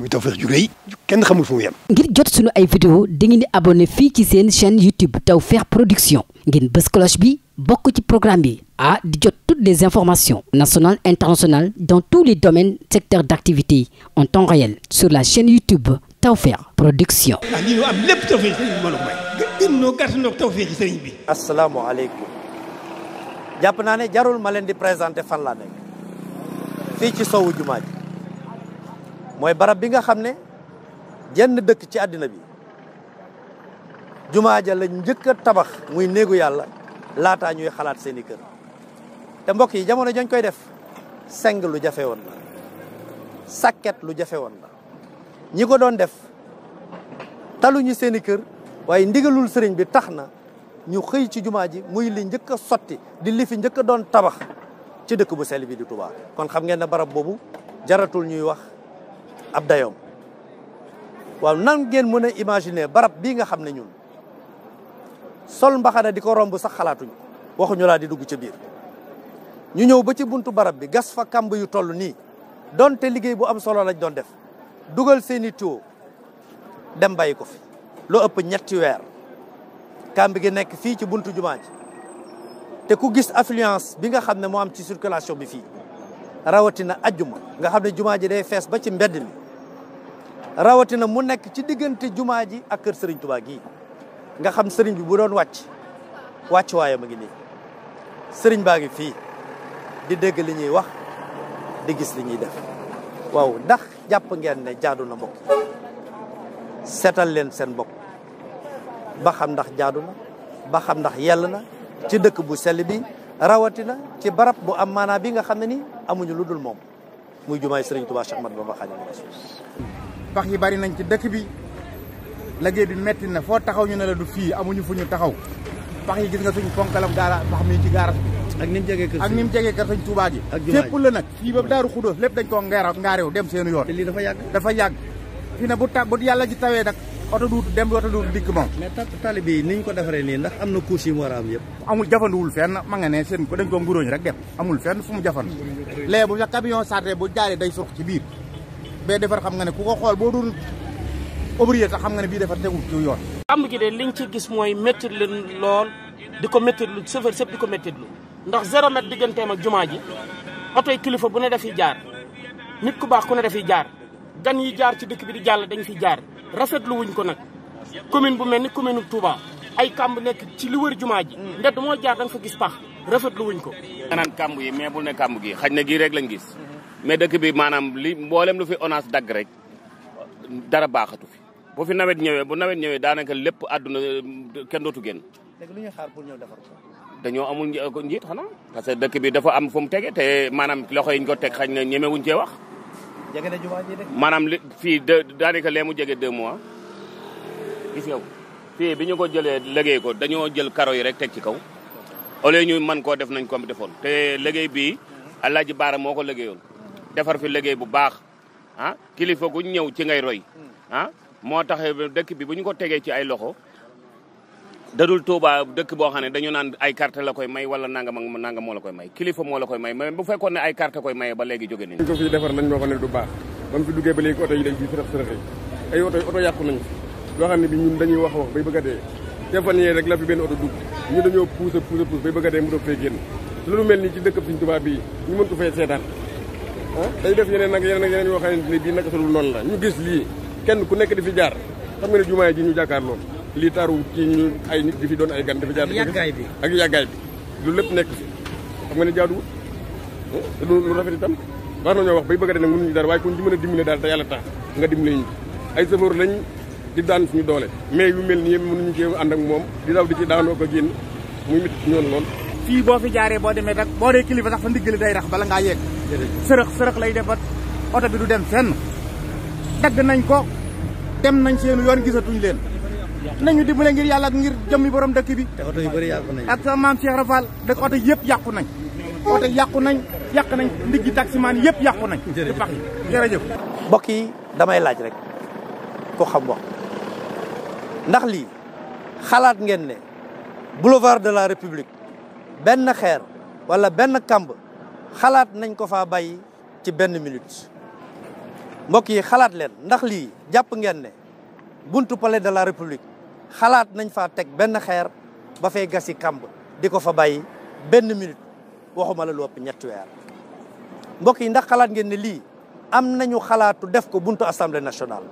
muy Tawfekh ju rëy kenn xamul fu mu ngir jot sunu ay vidéo dangeen di abonné fii ci seen chaîne YouTube Tawfekh Production ngeen bës cloche bi bokk ci programme bi ah di jot toutes les informations nationales internationales dans tous les domaines secteurs d'activité en temps réel sur la chaîne YouTube Tawfekh Production. ah lii ñu am lépp Tawfekh sëriñ bi mbooloo mooy. jàpp naa ne jarul ma leen di présenter fan laa nekk fii ci sowu jumaa ji mooy barab bi nga xam ne jenn dëkk ci àddina bi jumaa ja la njëkk a tabax muy néegu yàlla laataa ñuy xalaat seen i te mbokk yi jamono jañ koy def seng lu jafe woon la sàkket lu jafe woon la ñi ko doon def taluñu seen i kër waaye ndigalul sëriñ bi tax na ñu xëy ci jumaa ji muy li njëkk a sotti di lifi njëkk a doon tabax ci dëkk bu sel bi di Touba kon xam ngeen ne barab boobu jaratul ñuy wax ab dayoom waaw nan ngeen mën a imaginer barab bii nga xam ne ñun sol mbaxana di ko romb sax xalaatuñ waxu ñu laa di dugg ca biir ñu ñëw ba ci buntu barab bi gas fa kàmb yu toll nii donte liggéey bu am solo lañ doon def dugal seeni tuyau dem bay ko fi loo ëpp ñetti weer kàmb gi nekk fii ci buntu jumaa te ku gis affluence bi nga xam ne moo am ci circulation bi fii rawatina ajjuma nga xam ne jumaa ji day fees ba ci mbedd mi rawatina mu nekk ci diggante jumaa ji ak sëriñ Tuubaa gi nga xam sëriñ bi bu doon wàcc wàcc waaye ma ngi nii sëriñ baa ngi fii di dégg li ñuy wax di gis li ñuy def waaw ndax jàpp ngeen ne jaadu na mbokk seetal leen seen bopp ba xam ndax jaadu na ba xam ndax yell na ci dëkk bu sell bi rawatina ci barab bu am maanaa bi nga xam ne ni amuñu lu dul moom muy jumaay Sëriñ Tuubaa Cheikh ma Bamba Xaadimu Rasuul pax yi bari nañ ci dëkk bi liggéey bi metti na foo taxaw ñu ne la du fii amuñu fu ñu taxaw pax yi gis nga suñ ponkalam gaara pax mi ci gaara ak ni mu jegee kër ak ni mu jegee kër sëñ Tuubaa ji fépp la nag lépp dañ koo ngeer ngaarew dem seen yoon lii dafa yàgg dafa yàgg fii na bu ta bu yàlla ji tawee nag oto duut dem oto duut dikk moom mais tali bi ni ñu ko defaree nii ndax am na couche yi mu war a am yëpp amul jafanduwul fenn ma nga seen ko dañ koo nguróoñ rek dem amul fenn fu mu jafan léegi bu sa camion sartee day suux ci biir bee defar xam nga ne ku ko xool boo doon ouvrier sax xam nga ne bii defar tegul ci yoon. làmb ji de liñ ci gis mooy métti lu lool di ko métti lu chauffeur sëpp di ko métti lu ndax zéro mètre digganteem ak jumaa ji oto kilifa bu ne dafiy jaar nit ku baax ku ne dafiy jaar gan yi jaar ci dëkk bi di jàll dañ fi jaar rafetlu wuñ ko nag commune bu mel ni commune Touba ay kamb nekk ci li wër jumaa ji. ndedd moo jaar da fa gis pax rafetlu wuñ ko. nga naan kàmb yi mais bul ne kàmb gi xaj na gii rek lañ gis. mais dëkk bi maanaam li mboolem lu fi ONAS dagg rek dara baaxatu fi bu fi nawet ñëwee bu nawet ñëwee daanaka lépp àdduna kenn dootu génn. léegi pour ñëw defar dañoo amul njiit xanaa parce que dëkk bi dafa am fu mu tege te maanaam loxo yi ko teg xañ na ñemewuñ cee wax. jege maanaam li fii de daanaka lee mu jege deux mois gis fii bi ñu ko jëlee liggéey ko dañoo jël karo yi rek teg ci kaw au lieu ñu mën koo def nañ ko defoon te bi bii Alaaji Baara moo ko liggéeyoon. defar fi liggéey bu baax ah kilifa gu ñëw ci ngay roy ah moo tax dëkk bi bu ñu ko tegee ci ay loxo dadul Touba dëkk boo xam ne dañu naan ay carte la koy may wala nangam ak nangam moo la koy may kilifa moo la koy may mais bu fekkoon ne ay carte koy maye ba léegi jóge nañu ko fi defar nañ moo ko ne du baax ba fi duggee ba léegi oto yi dañ fi sërëx sërëx ay oto oto yàqu nañ loo xam ne bi ñun dañuy wax wax bay bëgg te fan yee rek la fi benn oto dugg ñu mel nii ci dëkk Sëñ Touba bii day def yeneen nag yeneen ak yeneen yoo xamante ne bii naka sudul noonu la ñu gis lii kenn ku nekk di fi jaar xam nga ne jumaa ji ñu jàkkaar loolu lii taaru ci ñu ay nit di fi doon ay gan di fi jaar yàggaay bi ak yàggaay bi lu lépp nekk fi xam nga ne jaaduwul lu rafet itam war nañoo wax bay bëgg a de nag mënuñu dara waaye kon ci mën a dimbali daal te yàlla tax nga dimbali ñu ay safar lañ di daan suñu doole mais yu mel nii mënuñu cee ànd ak moom di daw di ci daanoo ko génn muy mit lool fii boo fi jaaree boo demee rek boo dee kilifa sax fa ndiggali day rax bala ngaa yegg sërëx sërëx lay def ba oto bi du dem fenn dagg nañ ko dem nañ seenu yoon gisatuñ leen nañu dimbale ngir yàlla ak ngir jëmmi borom dëkk bi oto yu bëri yàqu nañ ak sa maam Cheikh Rafal dëkk oto yëpp yàqu nañ oto yàqu nañ yàq nañ ndiggi taximaan yëpp yàqu nañ ci pax yi jërëjëf mbokk yi damay laaj rek ko xam wax ndax lii xalaat ngeen ne boulevard de la République benn xeer walla benn kàmb xalaat nañ ko faa bay ci benn minute mbokk yi xalaat leen ndax lii jàpp ngeen ne buntu palais de la république xalaat nañ faa teg benn xeer ba fay gasi kàmb di ko fa bay benn minute waxuma la lu ëpp ñetti weer mbokk yi ndax xalaat ngeen ne lii am nañu xalaatu def ko buntu assemblée nationale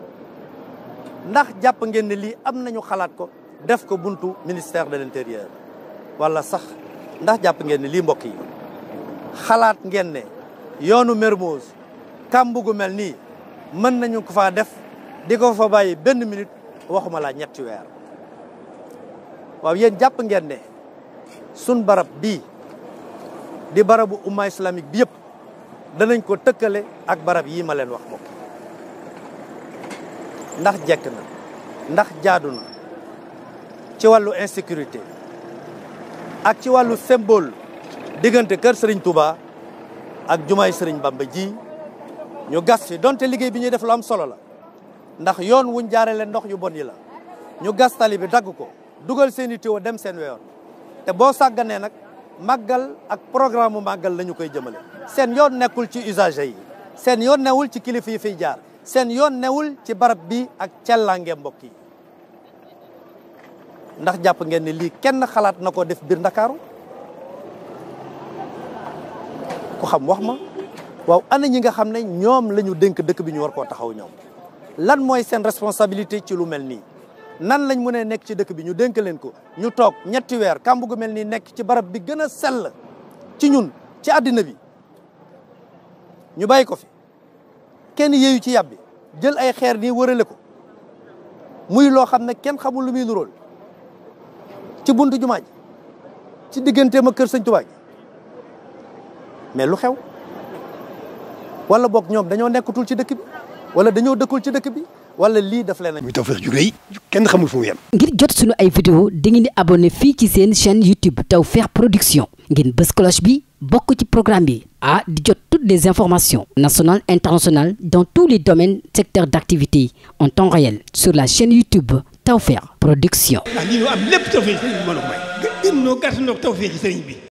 ndax jàpp ngeen ne lii am nañu xalaat ko def ko buntu ministère de l'intérieur wala sax ndax jàpp ngeen ne li mbokk yi xalaat ngeen ne yoonu Mermoz kàmb gu mel nii mën nañu ko fa def di ko fa bàyyi benn minute waxuma laa ñetti weer waaw yéen jàpp ngeen ne sun barab bii di barabu umma islamique bi yépp danañ ko tëkkale ak barab yi ma leen wax mbokk ndax jekk na ndax jaadu na ci wàllu insécurité ak ci wàllu symbole diggante kër sëriñ Touba ak jumaay Serigne Bamba ji ñu gas fi donte liggéey bi ñuy def la am solo la ndax yoon wuñ jaarale ndox yu bon yi la ñu gas tali bi dagg ko dugal seeni i tiwo dem seen weyoon te boo sàgganee nag màggal ak programme mu màggal la koy jëmale. seen yoon nekkul ci usager yi seen yoon newul ci kilifa yi fiy jaar seen yoon newul ci barab bi ak cellange mbokk yi. ndax jàpp ngeen ne lii kenn xalaat na ko def biir ndakaaru ku xam wax ma waaw ana ñi nga xam ne ñoom lañu dënk dëkk bi ñu war koo taxaw ñoom lan mooy seen responsabilité ci lu mel nii nan lañ mënee nekk ci dëkk bi ñu dénk leen ko ñu toog ñetti weer kàmb gu mel nii nekk ci barab bi gën a sell ci ñun ci àddina bi ñu bàyyi ko fi kenn yéyu ci yàbbi jël ay xeer nii wërale ko muy loo xam ne kenn xamul lu muy nuróol ci buntu jumaa ji ci digganteem ak kër sañ Tuubaa mais lu xew wala boog ñoom dañoo nekkatul ci dëkk bi wala dañoo dëkkul ci dëkk bi wala lii daf leen a. muy kenn xamul fu mu yem. ngir jot suñu ay vidéo dangeen di abonné fii ci seen chaîne YouTube Tawfekh Production ngeen bës cloche bi bokk ci programme bi ah di jot toutes des informations nationales internationales dans tous les domaines secteurs d'activité en temps réel sur la chaîne YouTube. Tawfekh Production. ah lii am lépp tawfeex sëriñ bi mën a may. gën noo gàtt noo tawfeex sëriñ bi.